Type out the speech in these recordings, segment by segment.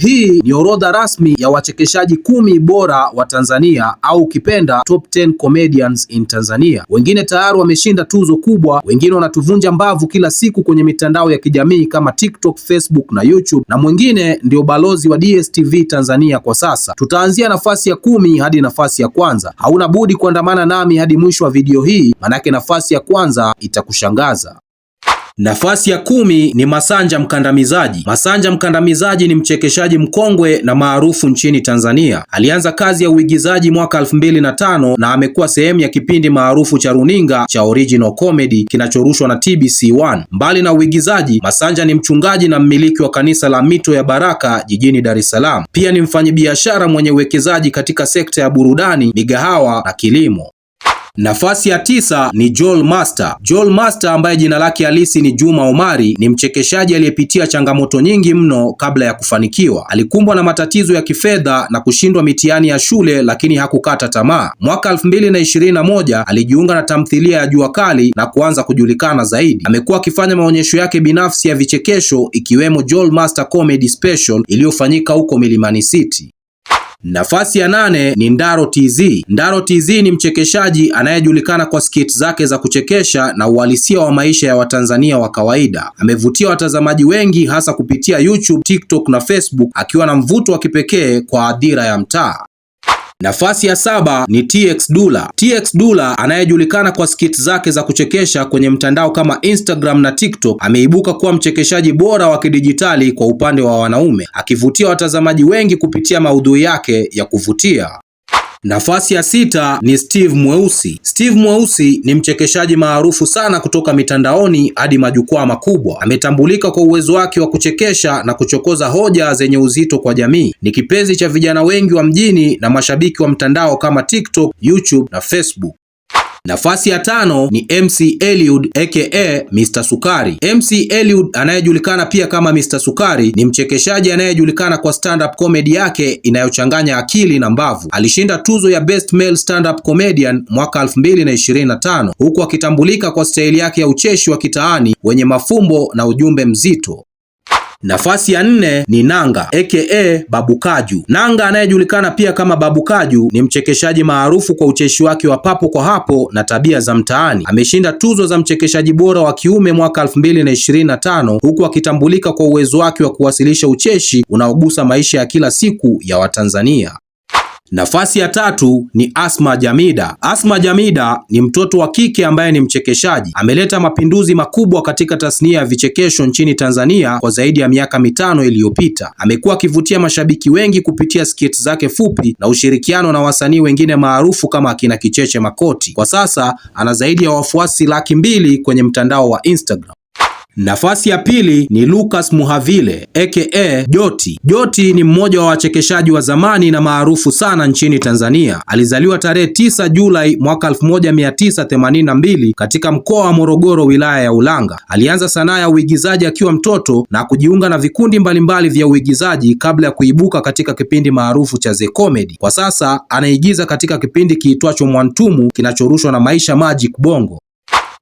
hii ni orodha rasmi ya wachekeshaji kumi bora wa Tanzania au ukipenda top 10 comedians in Tanzania. Wengine tayari wameshinda tuzo kubwa, wengine wanatuvunja mbavu kila siku kwenye mitandao ya kijamii kama TikTok, Facebook na YouTube, na mwingine ndio balozi wa DSTV Tanzania kwa sasa. Tutaanzia nafasi ya kumi hadi nafasi ya kwanza. Hauna budi kuandamana nami hadi mwisho wa video hii, manake nafasi ya kwanza itakushangaza. Nafasi ya kumi ni Masanja Mkandamizaji. Masanja Mkandamizaji ni mchekeshaji mkongwe na maarufu nchini Tanzania. Alianza kazi ya uigizaji mwaka 2005 na na amekuwa sehemu ya kipindi maarufu cha runinga cha original comedy kinachorushwa na TBC1. Mbali na uigizaji, Masanja ni mchungaji na mmiliki wa kanisa la Mito ya Baraka jijini Dar es Salaam. Pia ni mfanyabiashara mwenye uwekezaji katika sekta ya burudani, migahawa na kilimo. Nafasi ya tisa ni Joel Master. Joel Master ambaye jina lake halisi ni Juma Omari ni mchekeshaji aliyepitia changamoto nyingi mno kabla ya kufanikiwa. Alikumbwa na matatizo ya kifedha na kushindwa mitihani ya shule, lakini hakukata tamaa. Mwaka 2021 alijiunga na tamthilia ya Jua Kali na kuanza kujulikana zaidi. Amekuwa akifanya maonyesho yake binafsi ya vichekesho ikiwemo Joel Master Comedy Special iliyofanyika huko Milimani City. Nafasi ya nane ni Ndaro TZ. Ndaro TZ ni mchekeshaji anayejulikana kwa skit zake za kuchekesha na uhalisia wa maisha ya Watanzania wa kawaida. Amevutia watazamaji wengi hasa kupitia YouTube, TikTok na Facebook akiwa na mvuto wa kipekee kwa hadhira ya mtaa. Nafasi ya saba ni TX Dulla. TX Dulla anayejulikana kwa skit zake za kuchekesha kwenye mtandao kama Instagram na TikTok ameibuka kuwa mchekeshaji bora wa kidijitali kwa upande wa wanaume, akivutia watazamaji wengi kupitia maudhui yake ya kuvutia. Nafasi ya sita ni Steve Mweusi. Steve Mweusi ni mchekeshaji maarufu sana kutoka mitandaoni hadi majukwaa makubwa. Ametambulika kwa uwezo wake wa kuchekesha na kuchokoza hoja zenye uzito kwa jamii. Ni kipenzi cha vijana wengi wa mjini na mashabiki wa mtandao kama TikTok, YouTube na Facebook. Nafasi ya tano ni MC Eliud aka Mr Sukari. MC Eliud anayejulikana pia kama Mr Sukari ni mchekeshaji anayejulikana kwa stand up comedy yake inayochanganya akili na mbavu. Alishinda tuzo ya Best Male Stand Up Comedian mwaka 2025 huku akitambulika kwa staili yake ya ucheshi wa kitaani wenye mafumbo na ujumbe mzito. Nafasi ya nne ni Nanga aka Babu Kaju. Nanga anayejulikana pia kama Babu Kaju ni mchekeshaji maarufu kwa ucheshi wake wa papo kwa hapo na tabia za mtaani. Ameshinda tuzo za mchekeshaji bora wa kiume mwaka 2025 huku akitambulika kwa uwezo wake wa kuwasilisha ucheshi unaogusa maisha ya kila siku ya Watanzania. Nafasi ya tatu ni Asma Jamida. Asma Jamida ni mtoto wa kike ambaye ni mchekeshaji. Ameleta mapinduzi makubwa katika tasnia ya vichekesho nchini Tanzania kwa zaidi ya miaka mitano iliyopita. Amekuwa akivutia mashabiki wengi kupitia skit zake fupi na ushirikiano na wasanii wengine maarufu kama akina Kicheche Makoti. Kwa sasa ana zaidi ya wafuasi laki mbili kwenye mtandao wa Instagram. Nafasi ya pili ni Lucas Muhavile aka Joti. Joti ni mmoja wa wachekeshaji wa zamani na maarufu sana nchini Tanzania. Alizaliwa tarehe 9 Julai mwaka 1982 katika mkoa wa Morogoro, wilaya ya Ulanga. Alianza sanaa ya uigizaji akiwa mtoto na kujiunga na vikundi mbalimbali vya uigizaji kabla ya kuibuka katika kipindi maarufu cha The Comedy. Kwa sasa anaigiza katika kipindi kiitwacho Mwantumu kinachorushwa na Maisha Magic Bongo.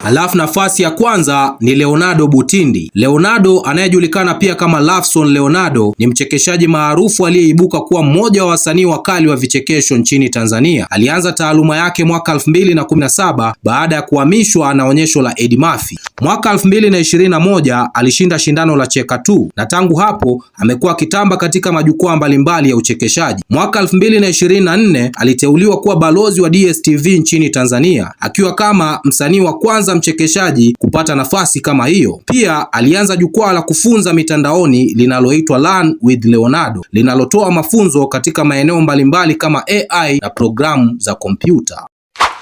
Alafu nafasi ya kwanza ni Leonardo Butindi. Leonardo anayejulikana pia kama Lafson Leonardo ni mchekeshaji maarufu aliyeibuka kuwa mmoja wa wasanii wakali wa vichekesho nchini Tanzania. Alianza taaluma yake mwaka 2017 baada ya kuhamishwa na onyesho la Eddie Murphy. Mwaka 2021 alishinda shindano la Cheka 2 na tangu hapo amekuwa akitamba katika majukwaa mbalimbali ya uchekeshaji. Mwaka 2024 aliteuliwa kuwa balozi wa DSTV nchini Tanzania akiwa kama msanii wa kwanza kumfunza mchekeshaji kupata nafasi kama hiyo. Pia alianza jukwaa la kufunza mitandaoni linaloitwa Learn with Leonardo linalotoa mafunzo katika maeneo mbalimbali kama AI na programu za kompyuta.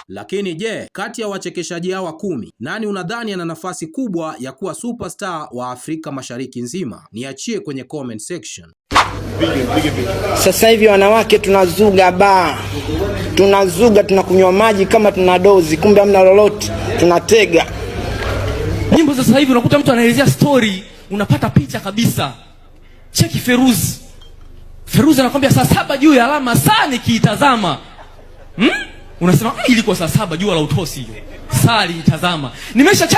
Lakini je, kati ya wachekeshaji hawa kumi, nani unadhani ana nafasi kubwa ya kuwa superstar wa Afrika Mashariki nzima? Niachie kwenye comment section. Sasa hivi wanawake tunazuga ba, tunazuga tunakunywa maji kama tuna dozi, kumbe hamna lolote tunatega nyimbo. Sasa hivi unakuta mtu anaelezea story, unapata picha kabisa. Cheki Feruzi, Feruzi anakwambia saa saba juu ya alama saa nikiitazama, hmm? Unasema ah, ilikuwa saa saba jua la utosi, saa liitazama nimesha